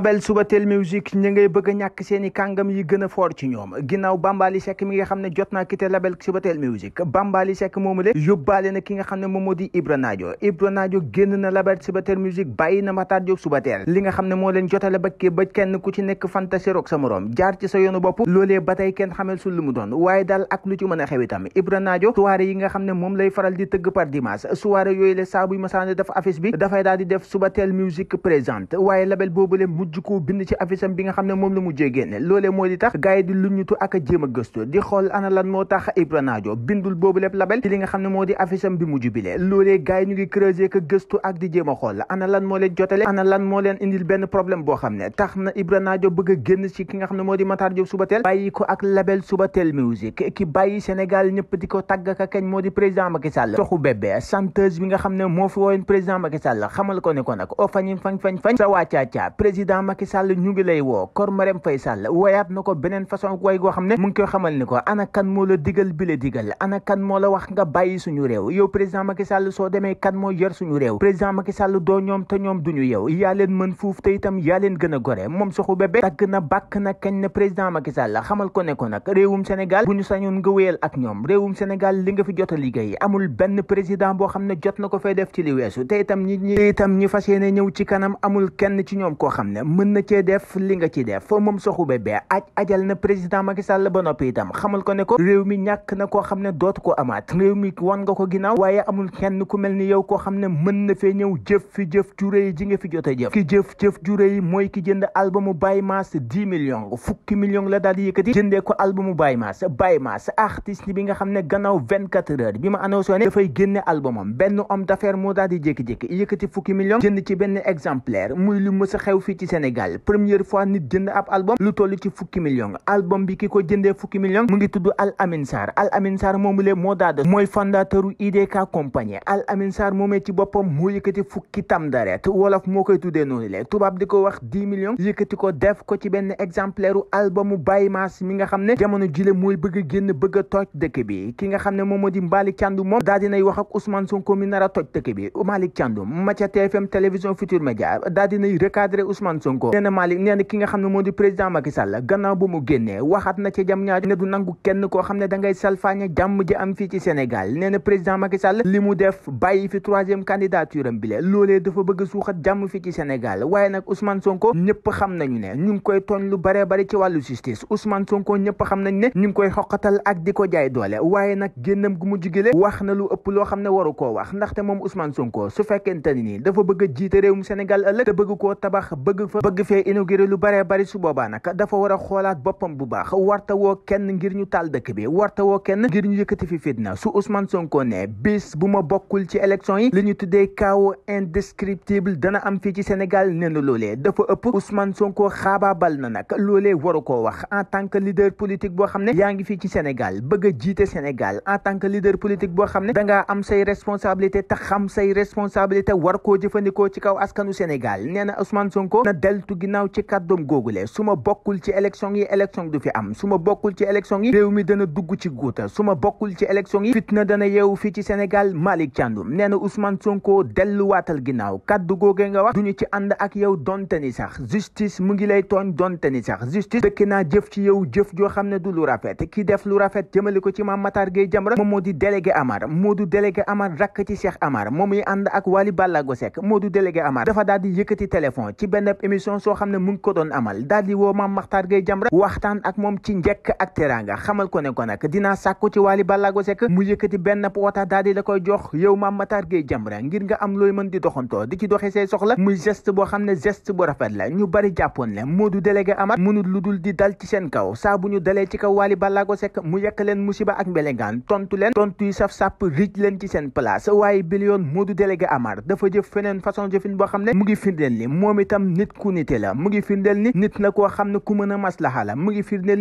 label Subatel Music ñi ngay bëgg a ñàkk seen kàngam yi gën a foor ci ñoom ginnaaw Bambaly Seck mi nga xam ne jot naa quitté label Subatel Music Bambaly ki nga xam ne moom moo di Ibra Nadio Ibra Nadio génn na label Subatel Music bàyyi na Matar Diop Subatel li nga xam ne moo leen jotale ba kii ba kenn ku ci nekk fantaséroog sa morom jaar ci sa yoonu bopp loolee ba tey kenn xamel su lu mu doon waaye daal ak lu ci mën a xew itam yi nga xam ne moom lay faral di tëgg par dimanche soirée yooyu le saa buy masaane def affiche bi dafay daal di def Subatel Music présente waaye label boobu le mujj koo bind ci affiche am bi nga xam ne moom la mujjee génne loolee moo di tax gars di lu ñutu ak a a gëstu di xool ana lan moo tax Ibra Nadio bindul boobu lépp label ci li nga xam ne moo di affiche am bi mujj bi lee loolee gars yi ñu ngi creuser ko gëstu ak di jéem xool ana lan moo leen jotale ana lan moo leen indil benn problème boo xam ne tax na Ibra Nadio bëgg génn ci ki nga xam ne moo di Matar Diop Subatel bàyyi ko ak label Subatel Music ki bàyyi Sénégal di ko tàgg ka moo di président Macky Sall toxu bébé chanteuse moo fi wooyoon président président Macky Sall ñu ngi lay woo kor Marème Faye Sall wayaat na ko beneen façon way goo ne mu ngi xamal ni ko ana kan moo la digal bi la digal ana kan moo la wax nga bàyyi suñu réew yow président Macky Sall demee kan moo yor suñu réew président Macky doo ñoom te ñoom duñu yow yaa leen fuuf te itam yaa gën a gore moom soxu bébé tagg na bàkk na kañ na président Macky Sall xamal ko ne ko nag réewum Sénégal bu ñu sañoon li nga fi liggéey amul benn président boo xam ne jot na ko fay def ci li weesu te itam ñi mën na cee def li nga ci def moom soxu bébé aj ajal na président Macky Sall ba noppi itam xamal ko ne ko réew mi ñàkk na koo xam ne dootu ko amaat réew mi wan nga ko ginnaaw waaye amul kenn ku mel ni yow koo xam ne mën na fee ñëw jëf fi jëf juré ji nga fi jote jëf ki jëf jëf yi mooy ki jënd albumu Baye Mass dix millions fukki millions la daal di yëkkati jëndee ko albumu Baye Mass Baye Mass artiste bi nga xam ne gannaaw vingt quatre heures bi ma annoncé ne dafay génne albumam benn homme d'affaires moo daal di jékki-jékki yëkkati fukki millions jënd ci benn exemplaire muy lu mës xew fii ci Sénégal première fois nit jënd ab album lu toll ci fukki million album bi ki ko fukki million mu ngi tudd Al Amin Sarr Al Amin Sarr moomulee moo daada mooy fondateur u IDK compagnie Al Amin Sarr moomee ci boppam moo yëkkati fukki tam daret wolof moo koy tuddee noonu le tubaab di ko wax dix millions ko def ko ci benn exemplaire u albumu Baye Mass mi nga xam ne jamono jile mooy bëgg a génn bëgg a toj dëkk bi ki nga xam ne moom moo di Malick Thiandoum moom daal dinay wax ak Ousmane ma ca TFM Ousmane Sonko nee na Malick ki nga xam ne moo di président Macky Sall gannaaw bu mu génnee waxaat na ci jam ñaar ne du nangu kenn koo xam ne da ngay salfaañe jàmm ji am fii ci Sénégal nee na président Macky Sall li mu def bàyyi fi troisième candidature am bile loolee dafa bëgg suuxat jàmm fii ci Sénégal waaye nag usman Sonko ñëpp xam nañu ne ñu ngi koy tooñ lu bare bare ci wàllu justice Ousmane Sonko ñëpp xam nañ ne ñu ngi koy xoqatal ak di ko jaay doole waaye nag génnam gu mu jigile wax na lu ëpp loo xam ne waru koo wax ndaxte moom Ousmane Sonko su fekkente nii dafa bëgg a jiite Sénégal bëgg koo tabax fa bëgg fee inauguré lu baree bari su boobaa nag dafa war a xoolaat boppam bu baax warta woo kenn ngir ñu taal dëkk bi warta woo kenn ngir ñu yëkkati fi na su usman Sonko ne bis bu ma bokkul ci élection yi li ñu tuddee chaos indescriptible dana am fii ci Sénégal nee na loolee dafa ëpp Ousmane Sonko xaabaabal na nag loole waru koo wax en tant que leader politique boo xam ne yaa ngi fii ci Sénégal bëgg jiite Sénégal en tant que leader politique boo xam ne dangaa am say responsabilité te xam say responsabilité war koo jëfandikoo ci kaw askanu Sénégal nee na Ousmane Sonko deltu ginnaaw ci kàddoom googule su ma bokkul ci élection yi élection du fi am su bokkul ci élection yi réew mi dana dugg ci guuta suma ma bokkul ci élection yi fitna dana yeewu fii ci senegal Sénégal Malick Thiandoum nee na Ousmane Sonko delluwaatal ginnaaw kàddu googee nga wax duñu ci ànd ak yow donte ni sax justice mu ngi lay tooñ donte ni sax justice dëkk naa jëf ci yow jëf joo xam ne du lu rafet ki def lu rafet jëmale ko ci ma Matar Gueye jam moom moo di délégué Amar moo du délégué Amar rakk ci Cheikh Amar moom muy ànd ak Wali Ballago Seck moo du délégué Amar dafa daal di yëkkati téléphone ci émission soo mu ngi ko doon amal daal di woo Mame ko ne ko nag dinaa sàkku ci Wally Ballago Seck mu yëkkati benn woota daal la koy jox yow Mame Makhtar Gueye Jamra ngir nga am looy mën di di ci doxee say soxla muy geste boo xam ne geste bu rafet la ñu bari jàppoon ne Modou délégué Amar mënul lu dul di dal ci seen kaw saa bu ñu dalee ci kaw Wally Ballago Seck mu yekk leen musiba ak mbelengaan tontu leen tontu yi saf-sàpp rij leen ci seen place waaye bi yoon Modou délégué Amar dafa jëf feneen façon jëfin boo xam ne mu ngi firndeel ni moom itam nit ku nite la mu ngi firndeel ni nit na koo xam ne ku mën a maslaxa la mu ngi firndeel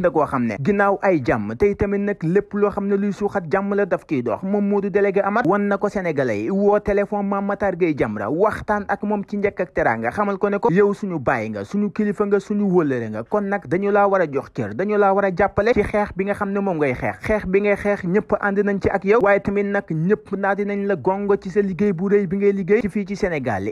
na koo xam ne ginnaaw ay jàmm te itamit nag lépp loo xam ne luy suuxat jàmm la daf kiy dox moom Modou délégué Amath wan na ko sénégalais yi woo téléphone Mame Matar Gueye Jamra waxtaan ak moom ci njëkk ak nga xamal ko ne ko yow suñu bàyyi nga suñu kilifa nga suñu wëllëre nga kon nag dañu laa war a jox cër dañu laa war a jàppale ci xeex bi nga xam ne moom ngay xeex xeex bi ngay xeex ñëpp ànd nañ ci ak yaw waaye tamit nag ñëpp naa dinañ la gongo ci sa liggéey bu bi ngay liggéey ci ci Sénégal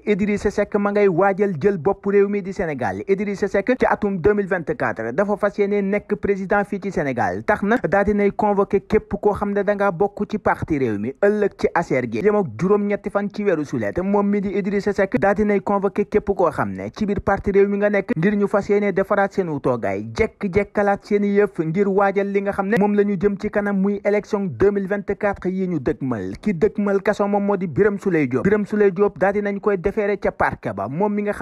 jël bopp réew mi di Sénégal Idrissa Seck ci atum 2024 dafa fas yéene nekk président fii ci Sénégal tax na daa dinay convoqué képp koo xam ne dangaa bokk ci parti réew mi ëllëg ci aser gi yem ak juróom-ñetti fan ci weeru sulet moom mi di Idrissa Seck daa dinay convoqué képp koo xam ne ci biir parti réew mi nga nekk ngir ñu fas yéene defaraat seen utoogaay jekk-jekkalaat seen yëf ngir waajal li nga xam ne moom la ñu jëm ci kanam muy élection 2024 yi ñu dëgmal ki dëgmal kaso moom moo di Birame Souleye Diop Birame Souleye Diop daa dinañ koy defeere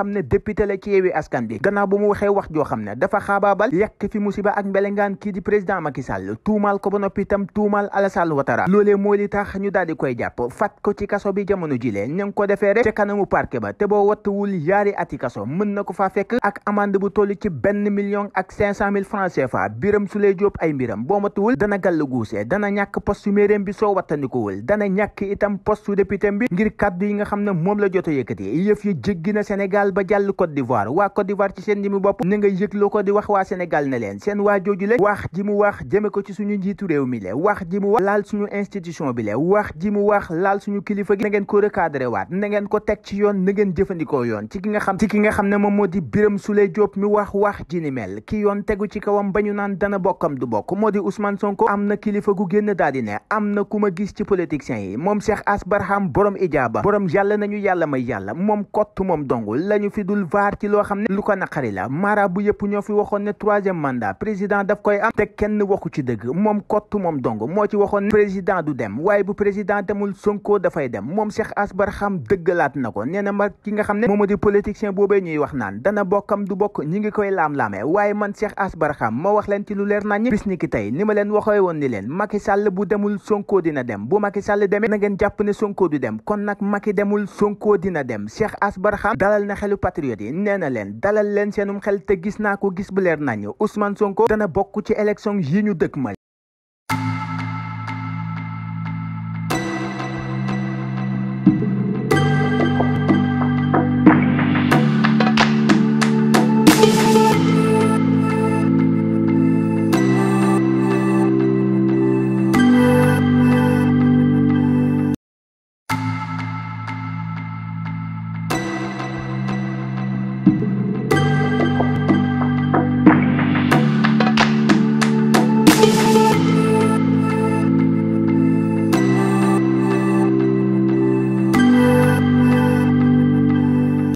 xam ne député la ci yeewi askan bi gannaaw bu waxee wax joo xam ne dafa xaabaabal yekk fi musiba ak mbelengaan kii président Macky tuumaal ko ba noppi itam tuumaal Alassane Ouattara loolee moo li tax ñu jàpp fat ko ci kaso bi jamono jile ña ngi ko defee rek ca kanamu parquet ba te boo wattuwul yaari ati kaso mën na ko faa fekk ak amande bu toll ci benn million ak cinq cent mille francs CFA biram su lay jóob ay mbiram boo mattuwul dana gàll guusee dana ñàkk postu a ba jàll Côte d'Ivoire waa Côte d'Ivoire ci seen jëmi bopp ni nga yëgloo ko di wax waa Sénégal ne leen seen waa jooju le wax ji mu wax jëme ko ci suñu njiitu réew mi le wax ji mu wax laal suñu institution bi le wax ji mu wax laal suñu kilifa gi na ngeen ko recadré waat na ngeen ko teg ci yoon na ngeen jëfandikoo yoon ci ki nga xam ci ki nga xam ne moom moo di Birame Souleye Diop mi wax wax ji ni mel ki yoon tegu ci kawam ba ñu naan dana bokkam du bokk moo di Ousmane Sonko am na kilifa gu génn daal di ne am na ku ma gis ci politiciens yi moom Cheikh As Barham borom ijaaba borom yàlla nañu yàlla may yàlla moom kott moom ñu fi dul vaar ci loo xam ne lu ko naqari la marabu yëpp ñoo fi waxoon ne troisième mandat président daf koy am te kenn waxu ci dëgg moom kott moom dong moo ci waxoon ne président du dem waaye bu président demul Sonko dafay dem moom Cheikh Asbar xam dëggalaat na ko nee na ma ki nga xam ne mooma di politicien boobee ñuy wax naan dana bokkam du bokk ñi ngi koy laam-laamee waaye man Cheikh Asbar xam ma wax leen ci lu leer nañ bis ni ki tey ni ma leen waxee woon ni leen Macky Sall bu demul Sonko dina dem bu Macky Sall demee na ngeen jàpp ne Sonko du dem kon nag Macky demul Sonko dina dem Cheikh Asbar patriote yi nee na leen dalal leen seenum xel te gis naa ko gis bu leer nañu Ousmane Sonko dana bokk ci élection yi ñu dëkk mal thank you